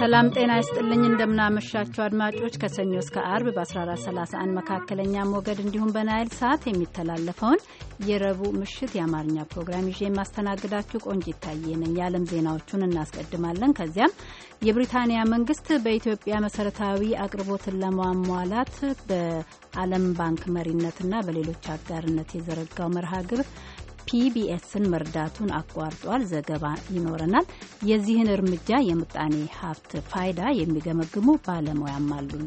ሰላም ጤና ይስጥልኝ። እንደምናመሻችሁ አድማጮች ከሰኞ እስከ አርብ በ1431 መካከለኛ ሞገድ እንዲሁም በናይል ሰዓት የሚተላለፈውን የረቡዕ ምሽት የአማርኛ ፕሮግራም ይዤ የማስተናግዳችሁ ቆንጅ ይታየ የዓለም ዜናዎቹን እናስቀድማለን። ከዚያም የብሪታንያ መንግስት በኢትዮጵያ መሰረታዊ አቅርቦትን ለማሟላት በዓለም ባንክ መሪነትና በሌሎች አጋርነት የዘረጋው መርሃ ግብር ፒቢኤስን መርዳቱን አቋርጧል። ዘገባ ይኖረናል። የዚህን እርምጃ የምጣኔ ሀብት ፋይዳ የሚገመግሙ ባለሙያም አሉን።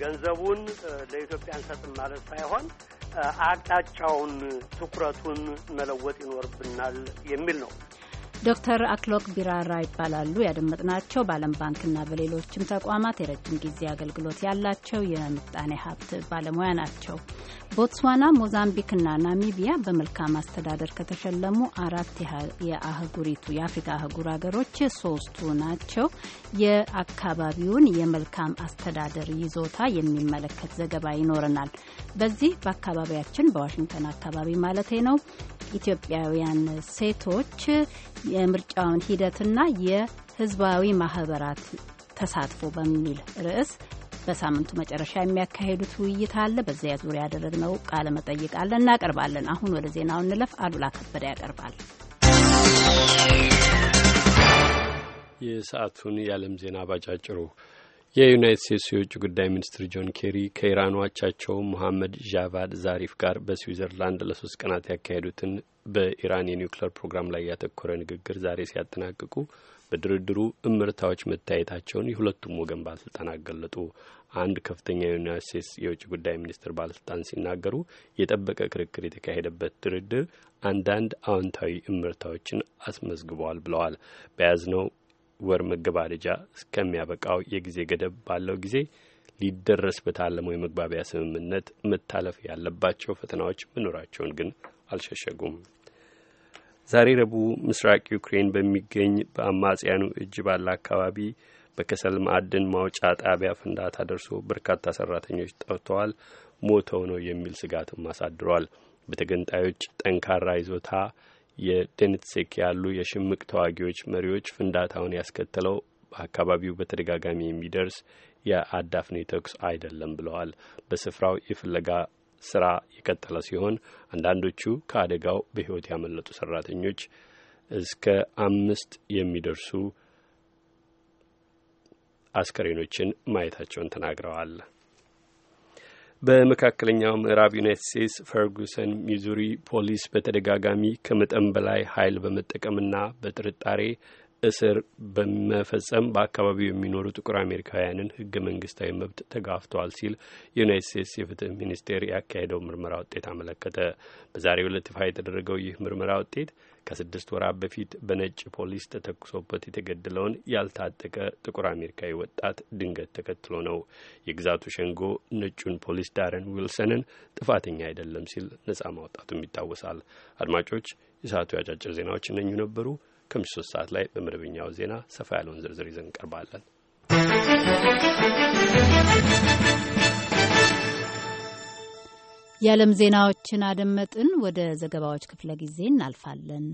ገንዘቡን ለኢትዮጵያ እንሰጥም ማለት ሳይሆን አቅጣጫውን፣ ትኩረቱን መለወጥ ይኖርብናል የሚል ነው። ዶክተር አክሎክ ቢራራ ይባላሉ። ያደመጥናቸው በዓለም ባንክና በሌሎችም ተቋማት የረጅም ጊዜ አገልግሎት ያላቸው የምጣኔ ሀብት ባለሙያ ናቸው። ቦትስዋና፣ ሞዛምቢክና ናሚቢያ በመልካም አስተዳደር ከተሸለሙ አራት የአህጉሪቱ የአፍሪካ አህጉር ሀገሮች ሶስቱ ናቸው። የአካባቢውን የመልካም አስተዳደር ይዞታ የሚመለከት ዘገባ ይኖረናል። በዚህ በአካባቢያችን በዋሽንግተን አካባቢ ማለቴ ነው ኢትዮጵያውያን ሴቶች የምርጫውን ሂደትና የህዝባዊ ማህበራት ተሳትፎ በሚል ርዕስ በሳምንቱ መጨረሻ የሚያካሄዱት ውይይት አለ። በዚያ ዙሪያ ያደረግነው ቃለ መጠይቅ አለ፣ እናቀርባለን። አሁን ወደ ዜናው እንለፍ። አሉላ ከበደ ያቀርባል። የሰዓቱን የዓለም ዜና ባጫጭሩ የዩናይት ስቴትስ የውጭ ጉዳይ ሚኒስትር ጆን ኬሪ ከኢራን አቻቸው ሙሐመድ ዣቫድ ዛሪፍ ጋር በስዊዘርላንድ ለሶስት ቀናት ያካሄዱትን በኢራን የኒውክሌር ፕሮግራም ላይ ያተኮረ ንግግር ዛሬ ሲያጠናቅቁ በድርድሩ እምርታዎች መታየታቸውን የሁለቱም ወገን ባለስልጣናት ገለጡ። አንድ ከፍተኛ የዩናይት ስቴትስ የውጭ ጉዳይ ሚኒስትር ባለስልጣን ሲናገሩ የጠበቀ ክርክር የተካሄደበት ድርድር አንዳንድ አዎንታዊ እምርታዎችን አስመዝግበዋል ብለዋል። በያዝነው ወር መገባደጃ እስከሚያበቃው የጊዜ ገደብ ባለው ጊዜ ሊደረስ በታለመው የመግባቢያ ስምምነት መታለፍ ያለባቸው ፈተናዎች መኖራቸውን ግን አልሸሸጉም። ዛሬ ረቡዕ ምስራቅ ዩክሬን በሚገኝ በአማጽያኑ እጅ ባለ አካባቢ በከሰል ማዕድን ማውጫ ጣቢያ ፍንዳታ ደርሶ በርካታ ሰራተኞች ጠፍተዋል፣ ሞተው ነው የሚል ስጋትም አሳድሯል። በተገንጣዮች ጠንካራ ይዞታ የደንትሴክ ያሉ የሽምቅ ተዋጊዎች መሪዎች ፍንዳታውን ያስከተለው በአካባቢው በተደጋጋሚ የሚደርስ የአዳፍኔ ተኩስ አይደለም ብለዋል። በስፍራው የፍለጋ ስራ የቀጠለ ሲሆን አንዳንዶቹ ከአደጋው በሕይወት ያመለጡ ሰራተኞች እስከ አምስት የሚደርሱ አስከሬኖችን ማየታቸውን ተናግረዋል። በመካከለኛው ምዕራብ ዩናይትድ ስቴትስ ፈርጉሰን ሚዙሪ ፖሊስ በተደጋጋሚ ከመጠን በላይ ኃይል በመጠቀምና በጥርጣሬ እስር በመፈጸም በአካባቢው የሚኖሩ ጥቁር አሜሪካውያንን ህገ መንግስታዊ መብት ተጋፍቷል ሲል የዩናይት ስቴትስ የፍትህ ሚኒስቴር ያካሄደው ምርመራ ውጤት አመለከተ። በዛሬው ዕለት ይፋ የተደረገው ይህ ምርመራ ውጤት ከስድስት ወራት በፊት በነጭ ፖሊስ ተተኩሶበት የተገደለውን ያልታጠቀ ጥቁር አሜሪካዊ ወጣት ድንገት ተከትሎ ነው። የግዛቱ ሸንጎ ነጩን ፖሊስ ዳረን ዊልሰንን ጥፋተኛ አይደለም ሲል ነጻ ማውጣቱም ይታወሳል። አድማጮች፣ የሰዓቱ የአጫጭር ዜናዎች እነኙ ነበሩ። ከምሽ ሶስት ሰዓት ላይ በመደበኛው ዜና ሰፋ ያለውን ዝርዝር ይዘን እንቀርባለን። የዓለም ዜናዎችን አደመጥን። ወደ ዘገባዎች ክፍለ ጊዜ እናልፋለን።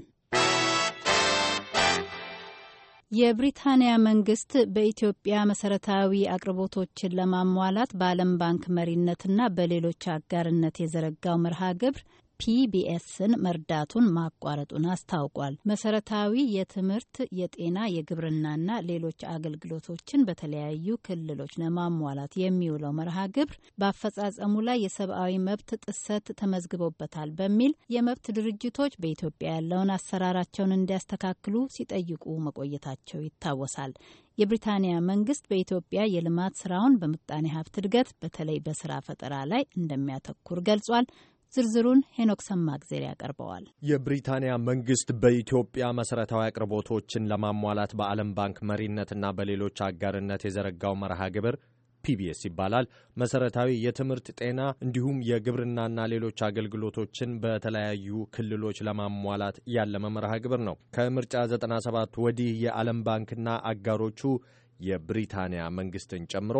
የብሪታንያ መንግስት በኢትዮጵያ መሰረታዊ አቅርቦቶችን ለማሟላት በዓለም ባንክ መሪነትና በሌሎች አጋርነት የዘረጋው መርሃ ግብር ፒቢኤስን መርዳቱን ማቋረጡን አስታውቋል። መሰረታዊ የትምህርት፣ የጤና፣ የግብርናና ሌሎች አገልግሎቶችን በተለያዩ ክልሎች ለማሟላት የሚውለው መርሃ ግብር በአፈጻጸሙ ላይ የሰብአዊ መብት ጥሰት ተመዝግቦበታል በሚል የመብት ድርጅቶች በኢትዮጵያ ያለውን አሰራራቸውን እንዲያስተካክሉ ሲጠይቁ መቆየታቸው ይታወሳል። የብሪታንያ መንግስት በኢትዮጵያ የልማት ስራውን በምጣኔ ሀብት እድገት በተለይ በስራ ፈጠራ ላይ እንደሚያተኩር ገልጿል። ዝርዝሩን ሄኖክ ሰማግዜር ያቀርበዋል። የብሪታንያ መንግስት በኢትዮጵያ መሰረታዊ አቅርቦቶችን ለማሟላት በዓለም ባንክ መሪነትና በሌሎች አጋርነት የዘረጋው መርሃ ግብር ፒቢኤስ ይባላል። መሰረታዊ የትምህርት፣ ጤና እንዲሁም የግብርናና ሌሎች አገልግሎቶችን በተለያዩ ክልሎች ለማሟላት ያለመ መርሃ ግብር ነው። ከምርጫ 97 ወዲህ የዓለም ባንክና አጋሮቹ የብሪታንያ መንግስትን ጨምሮ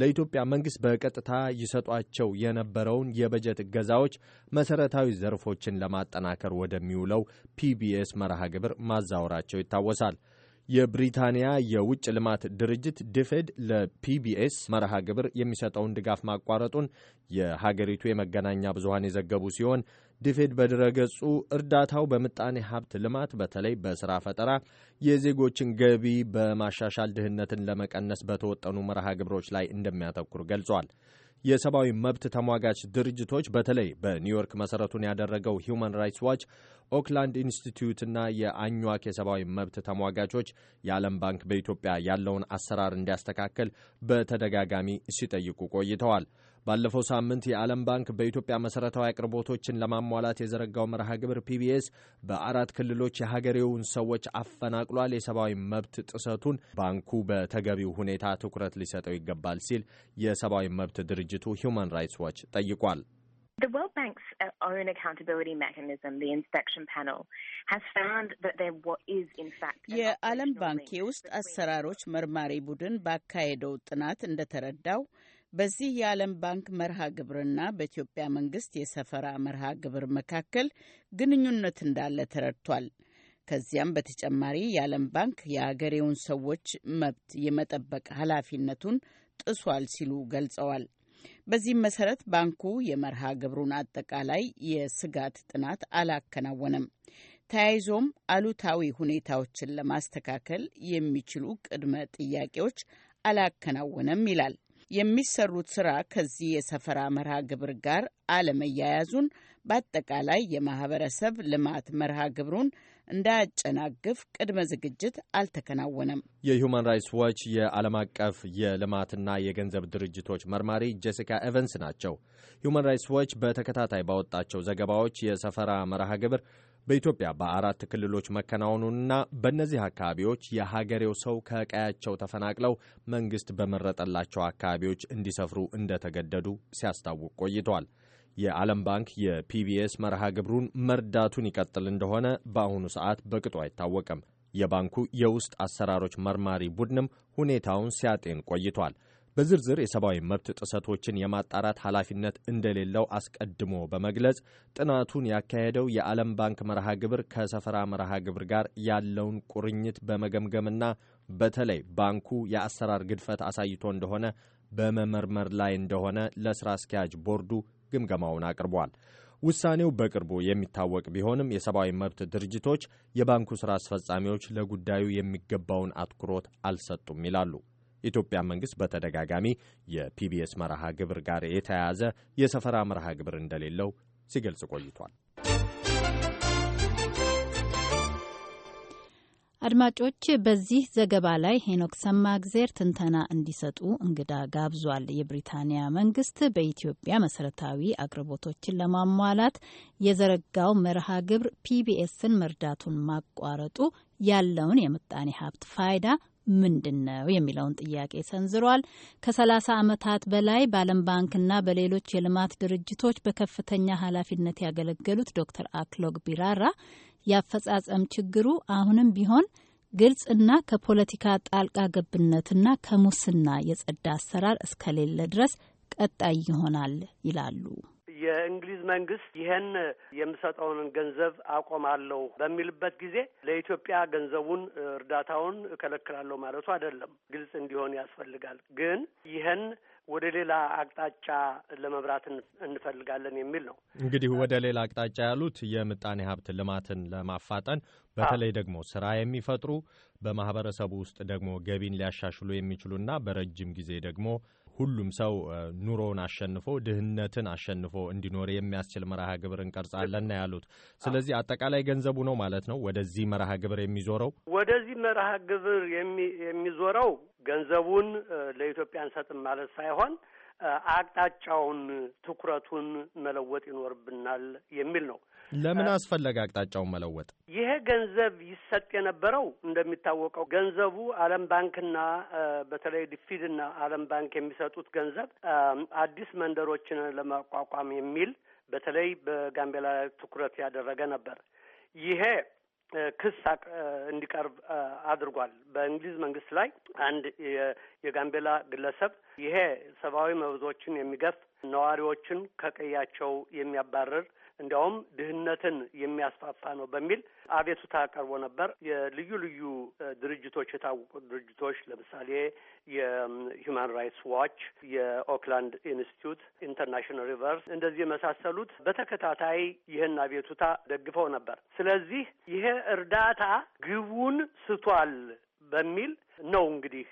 ለኢትዮጵያ መንግሥት በቀጥታ ይሰጧቸው የነበረውን የበጀት እገዛዎች መሠረታዊ ዘርፎችን ለማጠናከር ወደሚውለው ፒቢኤስ መርሃ ግብር ማዛወራቸው ይታወሳል። የብሪታንያ የውጭ ልማት ድርጅት ድፌድ ለፒቢኤስ መርሃ ግብር የሚሰጠውን ድጋፍ ማቋረጡን የሀገሪቱ የመገናኛ ብዙሃን የዘገቡ ሲሆን ዲፌድ በድረገጹ እርዳታው በምጣኔ ሀብት ልማት በተለይ በሥራ ፈጠራ፣ የዜጎችን ገቢ በማሻሻል ድህነትን ለመቀነስ በተወጠኑ መርሃ ግብሮች ላይ እንደሚያተኩር ገልጿል። የሰብአዊ መብት ተሟጋች ድርጅቶች በተለይ በኒውዮርክ መሠረቱን ያደረገው ሂዩማን ራይትስ ዋች፣ ኦክላንድ ኢንስቲትዩትና የአኟክ የሰብአዊ መብት ተሟጋቾች የዓለም ባንክ በኢትዮጵያ ያለውን አሰራር እንዲያስተካከል በተደጋጋሚ ሲጠይቁ ቆይተዋል። ባለፈው ሳምንት የዓለም ባንክ በኢትዮጵያ መሠረታዊ አቅርቦቶችን ለማሟላት የዘረጋው መርሃ ግብር ፒቢኤስ በአራት ክልሎች የሀገሬውን ሰዎች አፈናቅሏል፣ የሰብአዊ መብት ጥሰቱን ባንኩ በተገቢው ሁኔታ ትኩረት ሊሰጠው ይገባል ሲል የሰብአዊ መብት ድርጅቱ ሂውማን ራይትስ ዋች ጠይቋል። The World Bank's own accountability mechanism, the inspection panel, has found that there is, in fact, የዓለም ባንክ የውስጥ አሰራሮች መርማሪ ቡድን ባካሄደው ጥናት እንደተረዳው በዚህ የዓለም ባንክ መርሃ ግብርና በኢትዮጵያ መንግስት የሰፈራ መርሃ ግብር መካከል ግንኙነት እንዳለ ተረድቷል። ከዚያም በተጨማሪ የዓለም ባንክ የአገሬውን ሰዎች መብት የመጠበቅ ኃላፊነቱን ጥሷል ሲሉ ገልጸዋል። በዚህም መሰረት ባንኩ የመርሃ ግብሩን አጠቃላይ የስጋት ጥናት አላከናወነም። ተያይዞም አሉታዊ ሁኔታዎችን ለማስተካከል የሚችሉ ቅድመ ጥያቄዎች አላከናወነም ይላል። የሚሰሩት ስራ ከዚህ የሰፈራ መርሃ ግብር ጋር አለመያያዙን በአጠቃላይ የማህበረሰብ ልማት መርሃ ግብሩን እንዳያጨናግፍ ቅድመ ዝግጅት አልተከናወነም። የሁማን ራይትስ ዋች የዓለም አቀፍ የልማትና የገንዘብ ድርጅቶች መርማሪ ጄሲካ ኤቨንስ ናቸው። ሁማን ራይትስ ዋች በተከታታይ ባወጣቸው ዘገባዎች የሰፈራ መርሃ ግብር በኢትዮጵያ በአራት ክልሎች መከናወኑንና በእነዚህ አካባቢዎች የሀገሬው ሰው ከቀያቸው ተፈናቅለው መንግስት በመረጠላቸው አካባቢዎች እንዲሰፍሩ እንደተገደዱ ሲያስታውቅ ቆይቷል። የዓለም ባንክ የፒቢኤስ መርሃ ግብሩን መርዳቱን ይቀጥል እንደሆነ በአሁኑ ሰዓት በቅጡ አይታወቅም። የባንኩ የውስጥ አሰራሮች መርማሪ ቡድንም ሁኔታውን ሲያጤን ቆይቷል። በዝርዝር የሰብአዊ መብት ጥሰቶችን የማጣራት ኃላፊነት እንደሌለው አስቀድሞ በመግለጽ ጥናቱን ያካሄደው የዓለም ባንክ መርሃ ግብር ከሰፈራ መርሃ ግብር ጋር ያለውን ቁርኝት በመገምገምና በተለይ ባንኩ የአሰራር ግድፈት አሳይቶ እንደሆነ በመመርመር ላይ እንደሆነ ለስራ አስኪያጅ ቦርዱ ግምገማውን አቅርቧል። ውሳኔው በቅርቡ የሚታወቅ ቢሆንም የሰብአዊ መብት ድርጅቶች የባንኩ ሥራ አስፈጻሚዎች ለጉዳዩ የሚገባውን አትኩሮት አልሰጡም ይላሉ። የኢትዮጵያ መንግስት በተደጋጋሚ የፒቢኤስ መርሃ ግብር ጋር የተያያዘ የሰፈራ መርሃ ግብር እንደሌለው ሲገልጽ ቆይቷል። አድማጮች፣ በዚህ ዘገባ ላይ ሄኖክ ሰማእግዜር ትንተና እንዲሰጡ እንግዳ ጋብዟል። የብሪታንያ መንግስት በኢትዮጵያ መሰረታዊ አቅርቦቶችን ለማሟላት የዘረጋው መርሃ ግብር ፒቢኤስን መርዳቱን ማቋረጡ ያለውን የምጣኔ ሀብት ፋይዳ ምንድን ነው የሚለውን ጥያቄ ሰንዝሯል። ከሰላሳ ዓመታት በላይ በዓለም ባንክና በሌሎች የልማት ድርጅቶች በከፍተኛ ኃላፊነት ያገለገሉት ዶክተር አክሎግ ቢራራ ያፈጻጸም ችግሩ አሁንም ቢሆን ግልጽና ከፖለቲካ ጣልቃ ገብነትና ከሙስና የጸዳ አሰራር እስከሌለ ድረስ ቀጣይ ይሆናል ይላሉ። የእንግሊዝ መንግስት ይህን የምሰጠውን ገንዘብ አቆማለሁ በሚልበት ጊዜ ለኢትዮጵያ ገንዘቡን እርዳታውን እከለክላለሁ ማለቱ አይደለም። ግልጽ እንዲሆን ያስፈልጋል። ግን ይህን ወደ ሌላ አቅጣጫ ለመብራት እንፈልጋለን የሚል ነው። እንግዲህ ወደ ሌላ አቅጣጫ ያሉት የምጣኔ ሀብት ልማትን ለማፋጠን በተለይ ደግሞ ስራ የሚፈጥሩ በማህበረሰቡ ውስጥ ደግሞ ገቢን ሊያሻሽሉ የሚችሉና በረጅም ጊዜ ደግሞ ሁሉም ሰው ኑሮውን አሸንፎ ድህነትን አሸንፎ እንዲኖር የሚያስችል መርሃ ግብር እንቀርጻለን ያሉት። ስለዚህ አጠቃላይ ገንዘቡ ነው ማለት ነው ወደዚህ መርሃ ግብር የሚዞረው። ወደዚህ መርሃ ግብር የሚዞረው ገንዘቡን ለኢትዮጵያ እንሰጥም ማለት ሳይሆን አቅጣጫውን፣ ትኩረቱን መለወጥ ይኖርብናል የሚል ነው። ለምን አስፈለገ አቅጣጫውን መለወጥ? ይሄ ገንዘብ ይሰጥ የነበረው እንደሚታወቀው ገንዘቡ ዓለም ባንክና በተለይ ዲፊድና ዓለም ባንክ የሚሰጡት ገንዘብ አዲስ መንደሮችን ለማቋቋም የሚል በተለይ በጋምቤላ ላይ ትኩረት ያደረገ ነበር። ይሄ ክስ እንዲቀርብ አድርጓል። በእንግሊዝ መንግስት ላይ አንድ የጋምቤላ ግለሰብ ይሄ ሰብአዊ መብቶችን የሚገፍ ነዋሪዎችን ከቀያቸው የሚያባርር እንዲያውም ድህነትን የሚያስፋፋ ነው በሚል አቤቱታ ቀርቦ ነበር። የልዩ ልዩ ድርጅቶች የታወቁ ድርጅቶች ለምሳሌ የሁማን ራይትስ ዋች፣ የኦክላንድ ኢንስቲትዩት፣ ኢንተርናሽናል ሪቨርስ እንደዚህ የመሳሰሉት በተከታታይ ይህን አቤቱታ ደግፈው ነበር። ስለዚህ ይሄ እርዳታ ግቡን ስቷል በሚል ነው እንግዲህ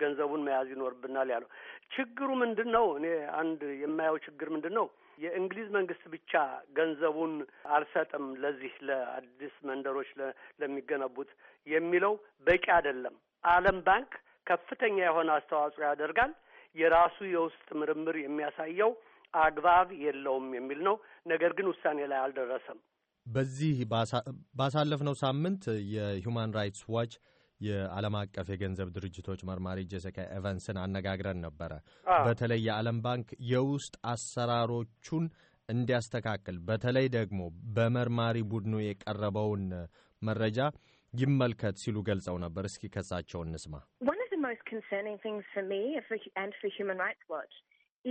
ገንዘቡን መያዝ ይኖርብናል ያለው። ችግሩ ምንድን ነው? እኔ አንድ የማየው ችግር ምንድን ነው? የእንግሊዝ መንግስት ብቻ ገንዘቡን አልሰጥም ለዚህ ለአዲስ መንደሮች ለሚገነቡት የሚለው በቂ አይደለም። ዓለም ባንክ ከፍተኛ የሆነ አስተዋጽኦ ያደርጋል። የራሱ የውስጥ ምርምር የሚያሳየው አግባብ የለውም የሚል ነው። ነገር ግን ውሳኔ ላይ አልደረሰም። በዚህ ባሳለፍነው ሳምንት የሁማን ራይትስ ዋች የዓለም አቀፍ የገንዘብ ድርጅቶች መርማሪ ጄሲካ ኤቫንስን አነጋግረን ነበረ። በተለይ የዓለም ባንክ የውስጥ አሰራሮቹን እንዲያስተካክል በተለይ ደግሞ በመርማሪ ቡድኑ የቀረበውን መረጃ ይመልከት ሲሉ ገልጸው ነበር። እስኪ ከሳቸው እንስማ። One of the most concerning things for me and for Human Rights Watch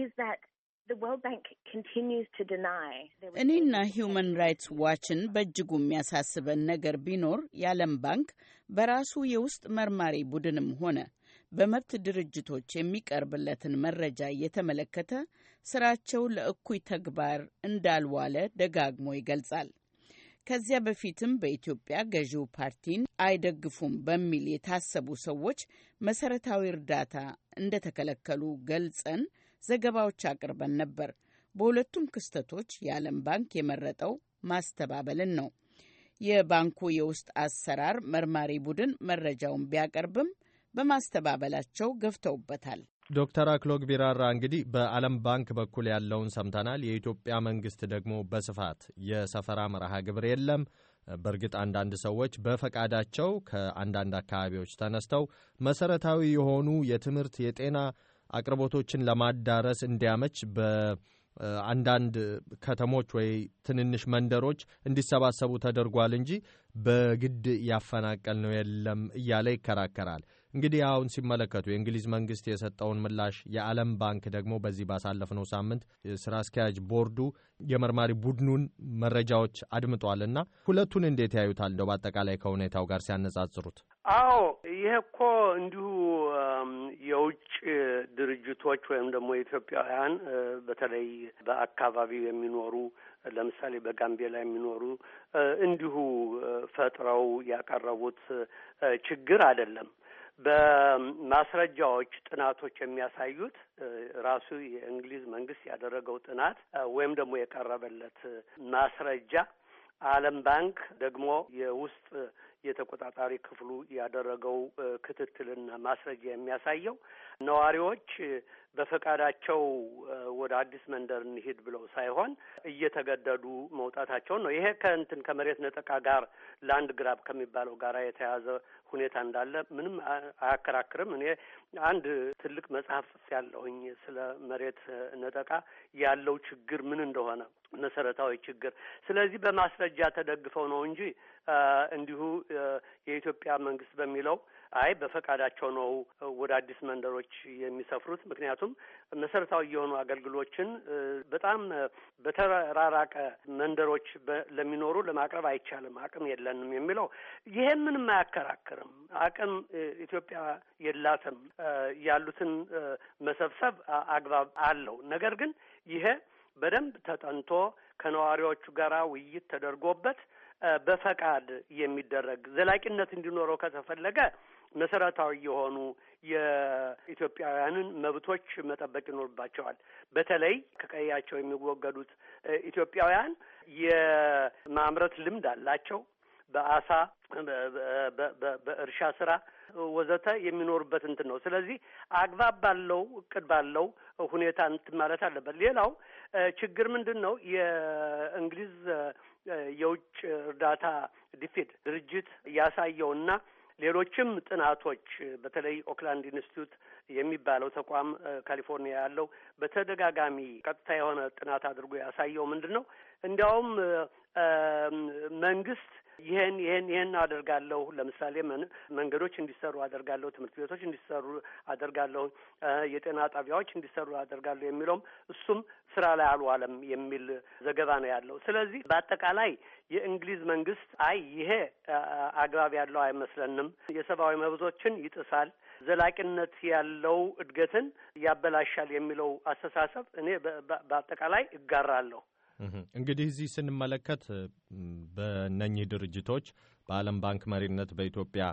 is that እኔና ሂዩማን ራይትስ ዋችን በእጅጉ የሚያሳስበን ነገር ቢኖር የዓለም ባንክ በራሱ የውስጥ መርማሪ ቡድንም ሆነ በመብት ድርጅቶች የሚቀርብለትን መረጃ እየተመለከተ ስራቸው ለእኩይ ተግባር እንዳልዋለ ደጋግሞ ይገልጻል። ከዚያ በፊትም በኢትዮጵያ ገዢው ፓርቲን አይደግፉም በሚል የታሰቡ ሰዎች መሰረታዊ እርዳታ እንደተከለከሉ ገልጸን ዘገባዎች አቅርበን ነበር። በሁለቱም ክስተቶች የዓለም ባንክ የመረጠው ማስተባበልን ነው። የባንኩ የውስጥ አሰራር መርማሪ ቡድን መረጃውን ቢያቀርብም በማስተባበላቸው ገፍተውበታል። ዶክተር አክሎግ ቢራራ እንግዲህ በዓለም ባንክ በኩል ያለውን ሰምተናል። የኢትዮጵያ መንግስት ደግሞ በስፋት የሰፈራ መርሃ ግብር የለም። በእርግጥ አንዳንድ ሰዎች በፈቃዳቸው ከአንዳንድ አካባቢዎች ተነስተው መሰረታዊ የሆኑ የትምህርት፣ የጤና አቅርቦቶችን ለማዳረስ እንዲያመች በአንዳንድ ከተሞች ወይ ትንንሽ መንደሮች እንዲሰባሰቡ ተደርጓል እንጂ በግድ ያፈናቀል ነው የለም እያለ ይከራከራል። እንግዲህ አሁን ሲመለከቱ የእንግሊዝ መንግስት የሰጠውን ምላሽ የዓለም ባንክ ደግሞ በዚህ ባሳለፍነው ሳምንት ስራ አስኪያጅ ቦርዱ የመርማሪ ቡድኑን መረጃዎች አድምጧል እና ሁለቱን እንዴት ያዩታል? እንደው በአጠቃላይ ከሁኔታው ጋር ሲያነጻጽሩት። አዎ ይሄ እኮ እንዲሁ የውጭ ድርጅቶች ወይም ደግሞ ኢትዮጵያውያን በተለይ በአካባቢው የሚኖሩ ለምሳሌ በጋምቤላ የሚኖሩ እንዲሁ ፈጥረው ያቀረቡት ችግር አይደለም። በማስረጃዎች ጥናቶች የሚያሳዩት ራሱ የእንግሊዝ መንግስት ያደረገው ጥናት ወይም ደግሞ የቀረበለት ማስረጃ ዓለም ባንክ ደግሞ የውስጥ የተቆጣጣሪ ክፍሉ ያደረገው ክትትልና ማስረጃ የሚያሳየው ነዋሪዎች በፈቃዳቸው ወደ አዲስ መንደር እንሂድ ብለው ሳይሆን እየተገደዱ መውጣታቸውን ነው። ይሄ ከእንትን ከመሬት ነጠቃ ጋር ላንድ ግራብ ከሚባለው ጋር የተያዘ ሁኔታ እንዳለ ምንም አያከራክርም። እኔ አንድ ትልቅ መጽሐፍ ያለሁኝ ስለ መሬት ነጠቃ ያለው ችግር ምን እንደሆነ መሰረታዊ ችግር። ስለዚህ በማስረጃ ተደግፈው ነው እንጂ እንዲሁ የኢትዮጵያ መንግስት በሚለው አይ በፈቃዳቸው ነው ወደ አዲስ መንደሮች የሚሰፍሩት። ምክንያቱም መሰረታዊ የሆኑ አገልግሎችን በጣም በተራራቀ መንደሮች ለሚኖሩ ለማቅረብ አይቻልም፣ አቅም የለንም የሚለው ይሄ ምንም አያከራክርም። አቅም ኢትዮጵያ የላትም፣ ያሉትን መሰብሰብ አግባብ አለው። ነገር ግን ይሄ በደንብ ተጠንቶ ከነዋሪዎቹ ጋር ውይይት ተደርጎበት በፈቃድ የሚደረግ ዘላቂነት እንዲኖረው ከተፈለገ መሰረታዊ የሆኑ የኢትዮጵያውያንን መብቶች መጠበቅ ይኖርባቸዋል። በተለይ ከቀያቸው የሚወገዱት ኢትዮጵያውያን የማምረት ልምድ አላቸው። በአሳ በእርሻ ስራ ወዘተ የሚኖሩበት እንትን ነው። ስለዚህ አግባብ ባለው እቅድ ባለው ሁኔታ እንትን ማለት አለበት። ሌላው ችግር ምንድን ነው? የእንግሊዝ የውጭ እርዳታ ዲፊድ ድርጅት ያሳየው እና ሌሎችም ጥናቶች በተለይ ኦክላንድ ኢንስቲትዩት የሚባለው ተቋም ካሊፎርኒያ ያለው በተደጋጋሚ ቀጥታ የሆነ ጥናት አድርጎ ያሳየው ምንድን ነው? እንዲያውም መንግስት ይህን ይህን ይህን አደርጋለሁ። ለምሳሌ መንገዶች እንዲሰሩ አደርጋለሁ፣ ትምህርት ቤቶች እንዲሰሩ አደርጋለሁ፣ የጤና ጣቢያዎች እንዲሰሩ አደርጋለሁ የሚለውም እሱም ስራ ላይ አልዋለም የሚል ዘገባ ነው ያለው። ስለዚህ በአጠቃላይ የእንግሊዝ መንግስት አይ ይሄ አግባብ ያለው አይመስለንም፣ የሰብአዊ መብቶችን ይጥሳል፣ ዘላቂነት ያለው እድገትን ያበላሻል የሚለው አስተሳሰብ እኔ በአጠቃላይ እጋራለሁ። እንግዲህ እዚህ ስንመለከት በእነኚህ ድርጅቶች በዓለም ባንክ መሪነት በኢትዮጵያ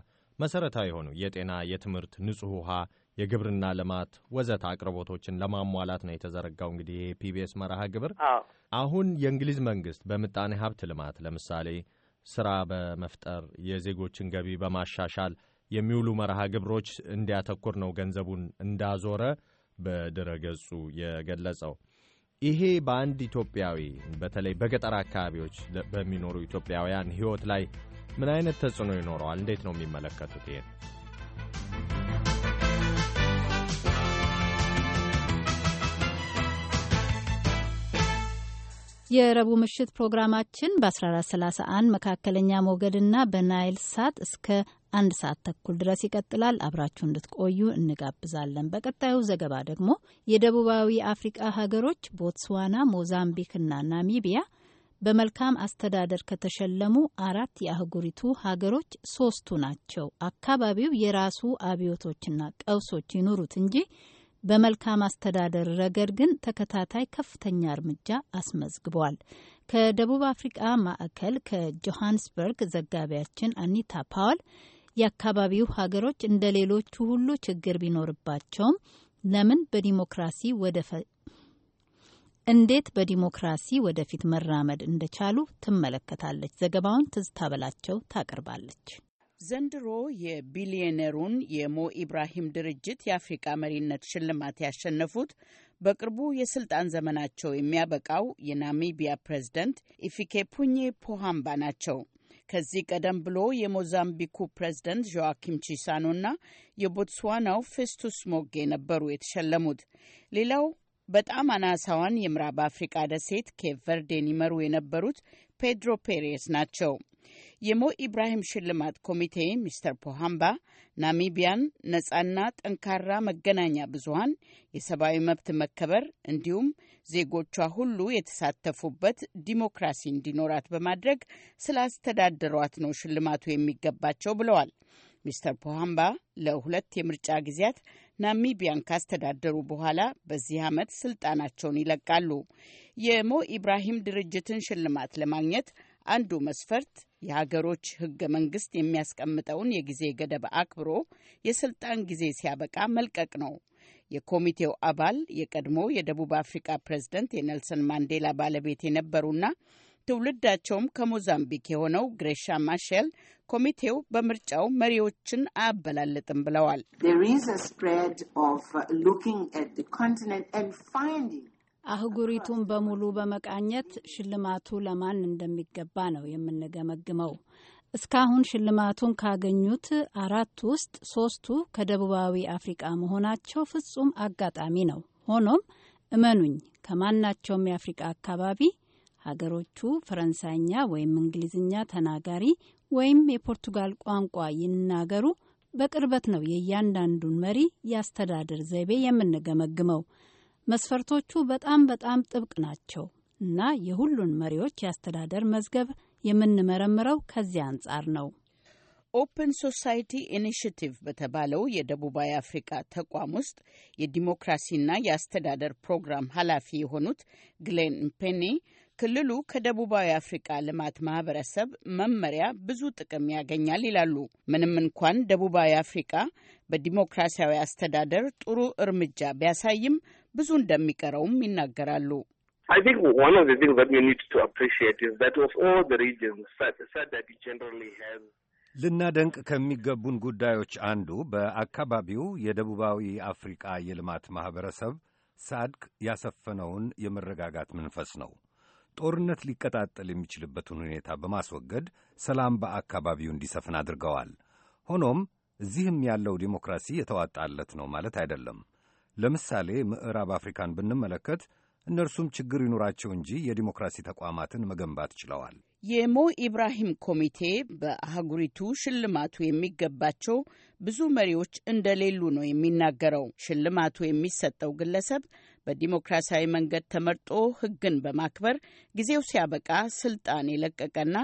መሰረታዊ የሆኑ የጤና፣ የትምህርት፣ ንጹህ ውሃ፣ የግብርና ልማት ወዘተ አቅርቦቶችን ለማሟላት ነው የተዘረጋው። እንግዲህ ይሄ ፒቢኤስ መርሃ ግብር አሁን የእንግሊዝ መንግስት በምጣኔ ሀብት ልማት ለምሳሌ ስራ በመፍጠር የዜጎችን ገቢ በማሻሻል የሚውሉ መርሃ ግብሮች እንዲያተኩር ነው ገንዘቡን እንዳዞረ በድረ ገጹ የገለጸው። ይሄ በአንድ ኢትዮጵያዊ በተለይ በገጠር አካባቢዎች በሚኖሩ ኢትዮጵያውያን ሕይወት ላይ ምን አይነት ተጽዕኖ ይኖረዋል? እንዴት ነው የሚመለከቱት? ይሄን የረቡዕ ምሽት ፕሮግራማችን በ1431 መካከለኛ ሞገድና በናይል ሳት እስከ አንድ ሰዓት ተኩል ድረስ ይቀጥላል። አብራችሁ እንድትቆዩ እንጋብዛለን። በቀጣዩ ዘገባ ደግሞ የደቡባዊ አፍሪቃ ሀገሮች ቦትስዋና፣ ሞዛምቢክና ናሚቢያ በመልካም አስተዳደር ከተሸለሙ አራት የአህጉሪቱ ሀገሮች ሶስቱ ናቸው። አካባቢው የራሱ አብዮቶችና ቀውሶች ይኑሩት እንጂ በመልካም አስተዳደር ረገድ ግን ተከታታይ ከፍተኛ እርምጃ አስመዝግቧል። ከደቡብ አፍሪቃ ማዕከል ከጆሃንስበርግ ዘጋቢያችን አኒታ ፓውል የአካባቢው ሀገሮች እንደ ሌሎቹ ሁሉ ችግር ቢኖርባቸውም ለምን በዲሞክራሲ ወደ እንዴት በዲሞክራሲ ወደፊት መራመድ እንደቻሉ ትመለከታለች። ዘገባውን ትዝታ በላቸው ታቀርባለች። ዘንድሮ የቢሊዮኔሩን የሞ ኢብራሂም ድርጅት የአፍሪቃ መሪነት ሽልማት ያሸነፉት በቅርቡ የስልጣን ዘመናቸው የሚያበቃው የናሚቢያ ፕሬዝደንት ፑኜ ፖሃምባ ናቸው። ከዚህ ቀደም ብሎ የሞዛምቢኩ ፕሬዝደንት ዦዋኪም ቺሳኖና የቦትስዋናው ፌስቱስ ሞጌ ነበሩ የተሸለሙት። ሌላው በጣም አናሳዋን የምዕራብ አፍሪቃ ደሴት ኬፕ ቨርዴን ይመሩ የነበሩት ፔድሮ ፔሬስ ናቸው። የሞ ኢብራሂም ሽልማት ኮሚቴ ሚስተር ፖሃምባ ናሚቢያን ነጻና ጠንካራ መገናኛ ብዙሀን፣ የሰብአዊ መብት መከበር እንዲሁም ዜጎቿ ሁሉ የተሳተፉበት ዲሞክራሲ እንዲኖራት በማድረግ ስላስተዳደሯት ነው ሽልማቱ የሚገባቸው ብለዋል። ሚስተር ፖሃምባ ለሁለት የምርጫ ጊዜያት ናሚቢያን ካስተዳደሩ በኋላ በዚህ ዓመት ስልጣናቸውን ይለቃሉ። የሞ ኢብራሂም ድርጅትን ሽልማት ለማግኘት አንዱ መስፈርት የሀገሮች ህገ መንግስት የሚያስቀምጠውን የጊዜ ገደብ አክብሮ የስልጣን ጊዜ ሲያበቃ መልቀቅ ነው። የኮሚቴው አባል የቀድሞ የደቡብ አፍሪካ ፕሬዝደንት የኔልሰን ማንዴላ ባለቤት የነበሩና ትውልዳቸውም ከሞዛምቢክ የሆነው ግሬሻ ማሼል ኮሚቴው በምርጫው መሪዎችን አያበላልጥም ብለዋል። uh, አህጉሪቱን በሙሉ በመቃኘት ሽልማቱ ለማን እንደሚገባ ነው የምንገመግመው። እስካሁን ሽልማቱን ካገኙት አራት ውስጥ ሶስቱ ከደቡባዊ አፍሪቃ መሆናቸው ፍጹም አጋጣሚ ነው። ሆኖም እመኑኝ ከማናቸውም የአፍሪቃ አካባቢ ሀገሮቹ ፈረንሳይኛ ወይም እንግሊዝኛ ተናጋሪ ወይም የፖርቱጋል ቋንቋ ይናገሩ በቅርበት ነው የእያንዳንዱን መሪ የአስተዳደር ዘይቤ የምንገመግመው። መስፈርቶቹ በጣም በጣም ጥብቅ ናቸው እና የሁሉን መሪዎች የአስተዳደር መዝገብ የምንመረምረው ከዚያ አንጻር ነው። ኦፕን ሶሳይቲ ኢኒሽቲቭ በተባለው የደቡባዊ አፍሪካ ተቋም ውስጥ የዲሞክራሲና የአስተዳደር ፕሮግራም ኃላፊ የሆኑት ግሌን ምፔኒ ክልሉ ከደቡባዊ አፍሪካ ልማት ማህበረሰብ መመሪያ ብዙ ጥቅም ያገኛል ይላሉ። ምንም እንኳን ደቡባዊ አፍሪካ በዲሞክራሲያዊ አስተዳደር ጥሩ እርምጃ ቢያሳይም ብዙ እንደሚቀረውም ይናገራሉ። ልናደንቅ ከሚገቡን ጉዳዮች አንዱ በአካባቢው የደቡባዊ አፍሪቃ የልማት ማኅበረሰብ ሳድቅ ያሰፈነውን የመረጋጋት መንፈስ ነው። ጦርነት ሊቀጣጠል የሚችልበትን ሁኔታ በማስወገድ ሰላም በአካባቢው እንዲሰፍን አድርገዋል። ሆኖም እዚህም ያለው ዲሞክራሲ የተዋጣለት ነው ማለት አይደለም። ለምሳሌ ምዕራብ አፍሪካን ብንመለከት እነርሱም ችግር ይኑራቸው እንጂ የዲሞክራሲ ተቋማትን መገንባት ችለዋል። የሞ ኢብራሂም ኮሚቴ በአህጉሪቱ ሽልማቱ የሚገባቸው ብዙ መሪዎች እንደሌሉ ነው የሚናገረው። ሽልማቱ የሚሰጠው ግለሰብ በዲሞክራሲያዊ መንገድ ተመርጦ ሕግን በማክበር ጊዜው ሲያበቃ ስልጣን የለቀቀና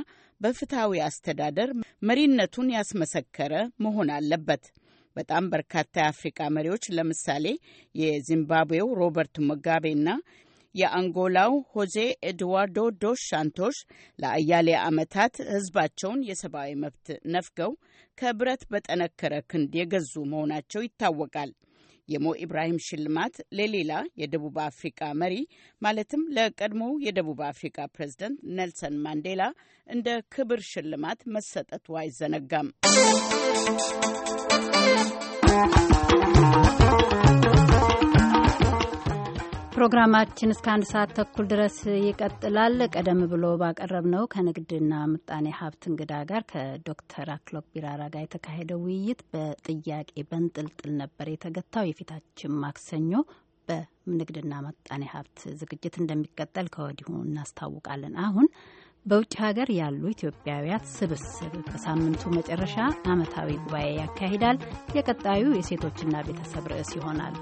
በፍትሐዊ አስተዳደር መሪነቱን ያስመሰከረ መሆን አለበት። በጣም በርካታ የአፍሪቃ መሪዎች ለምሳሌ የዚምባብዌው ሮበርት ሙጋቤና የአንጎላው ሆዜ ኤድዋርዶ ዶስ ሳንቶሽ ለአያሌ ዓመታት ህዝባቸውን የሰብአዊ መብት ነፍገው ከብረት በጠነከረ ክንድ የገዙ መሆናቸው ይታወቃል። የሞ ኢብራሂም ሽልማት ለሌላ የደቡብ አፍሪካ መሪ ማለትም ለቀድሞው የደቡብ አፍሪካ ፕሬዝደንት ኔልሰን ማንዴላ እንደ ክብር ሽልማት መሰጠቱ አይዘነጋም። ፕሮግራማችን እስከ አንድ ሰዓት ተኩል ድረስ ይቀጥላል። ቀደም ብሎ ባቀረብነው ከንግድና ምጣኔ ሀብት እንግዳ ጋር ከዶክተር አክሎክ ቢራራ ጋር የተካሄደው ውይይት በጥያቄ በንጥልጥል ነበር የተገታው። የፊታችን ማክሰኞ በንግድና ምጣኔ ሀብት ዝግጅት እንደሚቀጠል ከወዲሁ እናስታውቃለን። አሁን በውጭ ሀገር ያሉ ኢትዮጵያውያት ስብስብ በሳምንቱ መጨረሻ ዓመታዊ ጉባኤ ያካሂዳል። የቀጣዩ የሴቶችና ቤተሰብ ርዕስ ይሆናል።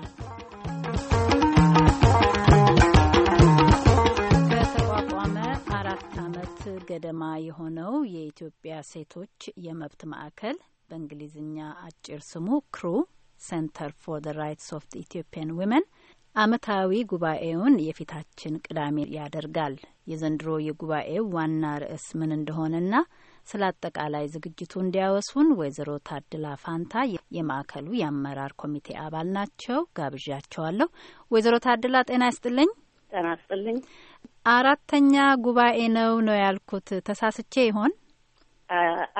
ገደማ የሆነው የኢትዮጵያ ሴቶች የመብት ማዕከል በእንግሊዝኛ አጭር ስሙ ክሩ ሴንተር ፎር ዘ ራይትስ ኦፍ ኢትዮጵያን ዊመን አመታዊ ጉባኤውን የፊታችን ቅዳሜ ያደርጋል። የዘንድሮ የጉባኤው ዋና ርዕስ ምን እንደሆነና ስለ አጠቃላይ ዝግጅቱ እንዲያወሱን ወይዘሮ ታድላ ፋንታ የማዕከሉ የአመራር ኮሚቴ አባል ናቸው። ጋብዣቸዋለሁ። ወይዘሮ ታድላ ጤና ይስጥልኝ። ጤና ይስጥልኝ። አራተኛ ጉባኤ ነው ነው ያልኩት፣ ተሳስቼ ይሆን?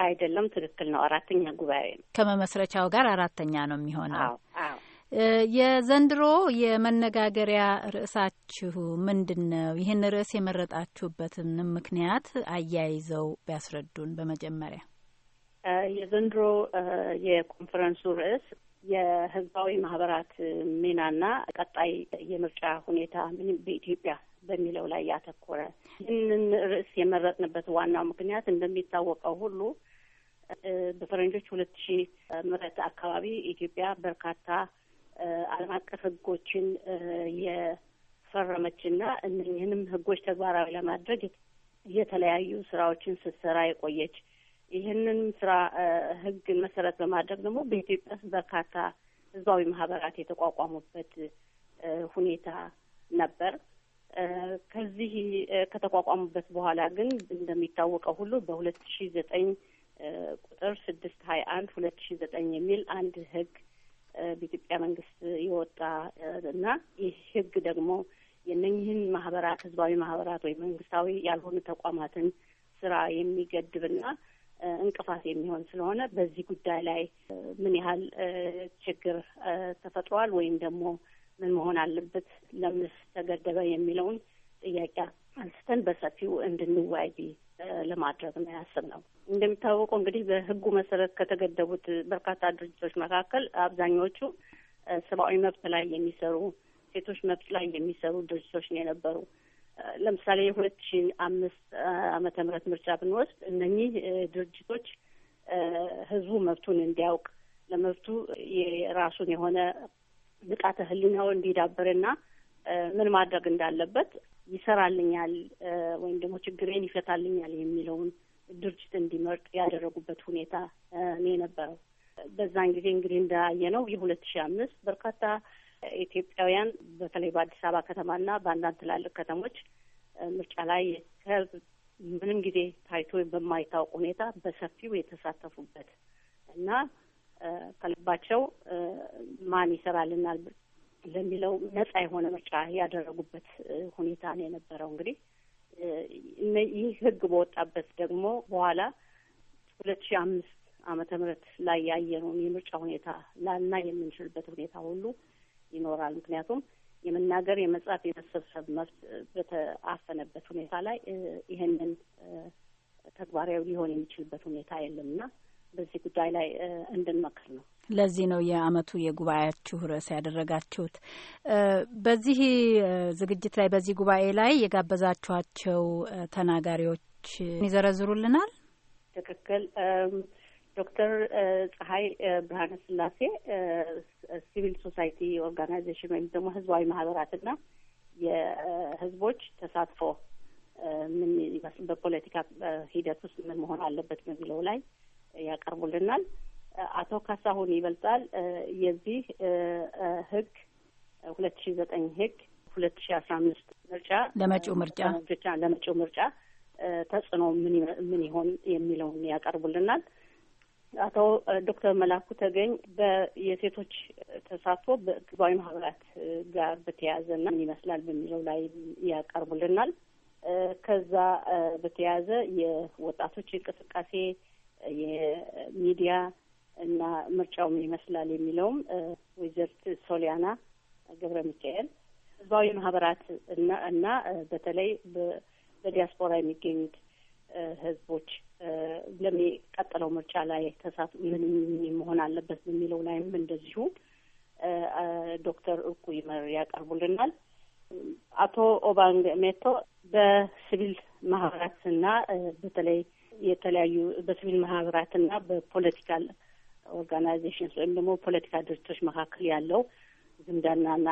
አይደለም፣ ትክክል ነው። አራተኛ ጉባኤ ነው። ከመመስረቻው ጋር አራተኛ ነው የሚሆነው። የዘንድሮ የመነጋገሪያ ርዕሳችሁ ምንድን ነው? ይህን ርዕስ የመረጣችሁበትን ምክንያት አያይዘው ቢያስረዱን በመጀመሪያ። የዘንድሮ የኮንፈረንሱ ርዕስ የህዝባዊ ማህበራት ሚናና ቀጣይ የምርጫ ሁኔታ በኢትዮጵያ በሚለው ላይ ያተኮረ ይህንን ርዕስ የመረጥንበት ዋናው ምክንያት እንደሚታወቀው ሁሉ በፈረንጆች ሁለት ሺ ምረት አካባቢ ኢትዮጵያ በርካታ ዓለም አቀፍ ህጎችን የፈረመችና እነኝህንም ህጎች ተግባራዊ ለማድረግ የተለያዩ ስራዎችን ስትሰራ የቆየች ይህንን ስራ ህግ መሰረት በማድረግ ደግሞ በኢትዮጵያ ውስጥ በርካታ ህዝባዊ ማህበራት የተቋቋሙበት ሁኔታ ነበር። ከዚህ ከተቋቋሙበት በኋላ ግን እንደሚታወቀው ሁሉ በሁለት ሺ ዘጠኝ ቁጥር ስድስት ሀያ አንድ ሁለት ሺ ዘጠኝ የሚል አንድ ህግ በኢትዮጵያ መንግስት የወጣ እና ይህ ህግ ደግሞ የነኝህን ማህበራት ህዝባዊ ማህበራት ወይም መንግስታዊ ያልሆኑ ተቋማትን ስራ የሚገድብና እንቅፋት የሚሆን ስለሆነ በዚህ ጉዳይ ላይ ምን ያህል ችግር ተፈጥሯል ወይም ደግሞ ምን መሆን አለበት ለምንስ ተገደበ የሚለውን ጥያቄ አንስተን በሰፊው እንድንወያይ ለማድረግ ነው ያሰብነው። እንደሚታወቀው እንግዲህ በህጉ መሰረት ከተገደቡት በርካታ ድርጅቶች መካከል አብዛኛዎቹ ሰብአዊ መብት ላይ የሚሰሩ ሴቶች መብት ላይ የሚሰሩ ድርጅቶች ነው የነበሩ። ለምሳሌ የሁለት ሺ አምስት አመተ ምህረት ምርጫ ብንወስድ እነኚህ ድርጅቶች ህዝቡ መብቱን እንዲያውቅ ለመብቱ የራሱን የሆነ ብቃተ ህሊናው እንዲዳብርና ምን ማድረግ እንዳለበት ይሰራልኛል ወይም ደግሞ ችግሬን ይፈታልኛል የሚለውን ድርጅት እንዲመርጥ ያደረጉበት ሁኔታ ነው የነበረው። በዛን ጊዜ እንግዲህ እንዳየነው የሁለት ሺ አምስት በርካታ ኢትዮጵያውያን በተለይ በአዲስ አበባ ከተማና በአንዳንድ ትላልቅ ከተሞች ምርጫ ላይ ከህዝብ ምንም ጊዜ ታይቶ በማይታወቅ ሁኔታ በሰፊው የተሳተፉበት እና ከልባቸው ማን ይሰራልናል ለሚለው ነጻ የሆነ ምርጫ ያደረጉበት ሁኔታ ነው የነበረው። እንግዲህ ይህ ህግ በወጣበት ደግሞ በኋላ ሁለት ሺህ አምስት አመተ ምህረት ላይ ያየነውን የምርጫ ሁኔታ ላና የምንችልበት ሁኔታ ሁሉ ይኖራል። ምክንያቱም የመናገር የመጻፍ፣ የመሰብሰብ መብት በተአፈነበት ሁኔታ ላይ ይህንን ተግባራዊ ሊሆን የሚችልበት ሁኔታ የለም እና በዚህ ጉዳይ ላይ እንድንመክር ነው። ለዚህ ነው የአመቱ የጉባኤያችሁ ርዕስ ያደረጋችሁት። በዚህ ዝግጅት ላይ በዚህ ጉባኤ ላይ የጋበዛችኋቸው ተናጋሪዎች ይዘረዝሩልናል። ትክክል። ዶክተር ፀሐይ ብርሃነ ስላሴ ሲቪል ሶሳይቲ ኦርጋናይዜሽን ወይም ደግሞ ህዝባዊ ማህበራትና የህዝቦች ተሳትፎ ምን በፖለቲካ ሂደት ውስጥ ምን መሆን አለበት በሚለው ላይ ያቀርቡልናል። አቶ ካሳሁን ይበልጣል የዚህ ህግ ሁለት ሺ ዘጠኝ ህግ ሁለት ሺ አስራ አምስት ምርጫ ለመጪው ምርጫ ለመጪው ምርጫ ተጽዕኖ ምን ይሆን የሚለውን ያቀርቡልናል። አቶ ዶክተር መላኩ ተገኝ የሴቶች ተሳትፎ በህዝባዊ ማህበራት ጋር በተያያዘና ምን ይመስላል በሚለው ላይ ያቀርቡልናል። ከዛ በተያያዘ የወጣቶች እንቅስቃሴ የሚዲያ እና ምርጫው ምን ይመስላል የሚለውም ወይዘርት ሶሊያና ገብረ ሚካኤል ህዝባዊ ማህበራት እና እና በተለይ በዲያስፖራ የሚገኙት ህዝቦች ለሚቀጥለው ምርጫ ላይ ተሳት ምን መሆን አለበት በሚለው ላይም እንደዚሁ ዶክተር እርቁ ይመር ያቀርቡልናል። አቶ ኦባንግ ሜቶ በሲቪል ማህበራትና በተለይ የተለያዩ በሲቪል ማህበራትና በፖለቲካል ኦርጋናይዜሽንስ ወይም ደግሞ ፖለቲካ ድርጅቶች መካከል ያለው ዝምድናና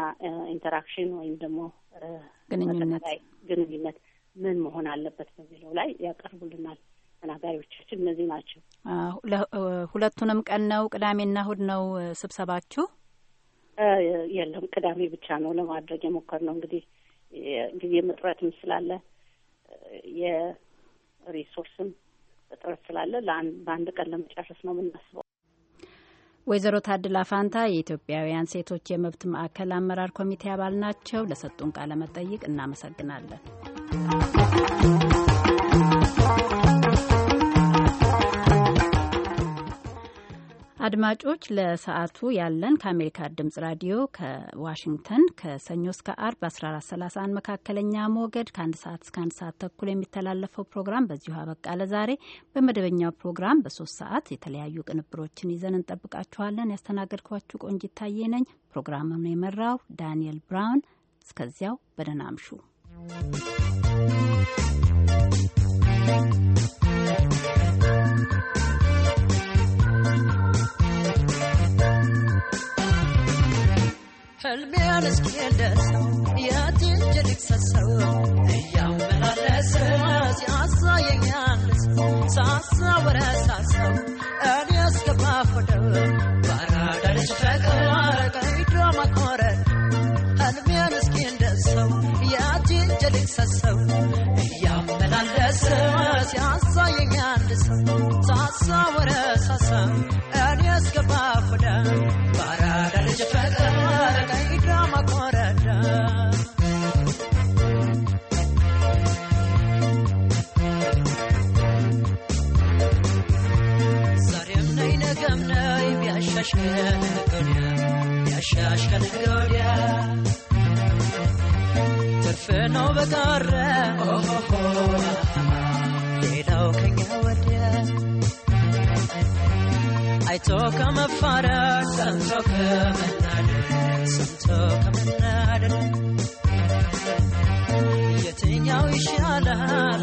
ኢንተራክሽን ወይም ደግሞ ግንኙነት ግንኙነት ምን መሆን አለበት በሚለው ላይ ያቀርቡልናል። ተናጋሪዎቻችን እነዚህ ናቸው። ሁለቱንም ቀን ነው ቅዳሜና እሁድ ነው ስብሰባችሁ? የለም ቅዳሜ ብቻ ነው ለማድረግ የሞከርነው። እንግዲህ ጊዜ እጥረትም ስላለ የሪሶርስም እጥረት ስላለ በአንድ ቀን ለመጨረስ ነው የምናስበው። ወይዘሮ ታድላ ፋንታ የኢትዮጵያውያን ሴቶች የመብት ማዕከል አመራር ኮሚቴ አባል ናቸው። ለሰጡን ቃለ መጠይቅ እናመሰግናለን። አድማጮች ለሰዓቱ ያለን ከአሜሪካ ድምጽ ራዲዮ ከዋሽንግተን ከሰኞ እስከ አርብ 1431 መካከለኛ ሞገድ ከአንድ ሰዓት እስከ አንድ ሰዓት ተኩል የሚተላለፈው ፕሮግራም በዚሁ አበቃ ለዛሬ። በመደበኛው ፕሮግራም በሶስት ሰዓት የተለያዩ ቅንብሮችን ይዘን እንጠብቃችኋለን። ያስተናገድኳችሁ ቆንጂ ይታዬ ነኝ። ፕሮግራሙን የመራው ዳንኤል ብራውን። እስከዚያው በደህና አምሹ። ህልሜን እስኪደርሰው የትንጀልቅ ሰሰው እያመላለሰ ሲያሳየኛል ሳሳወረ ሳሰው Yashash can go down. ታይቶ ከመፋረድ ሰምቶ ከመናደድ ሰምቶ ከመናደድ የትኛው ይሻላል?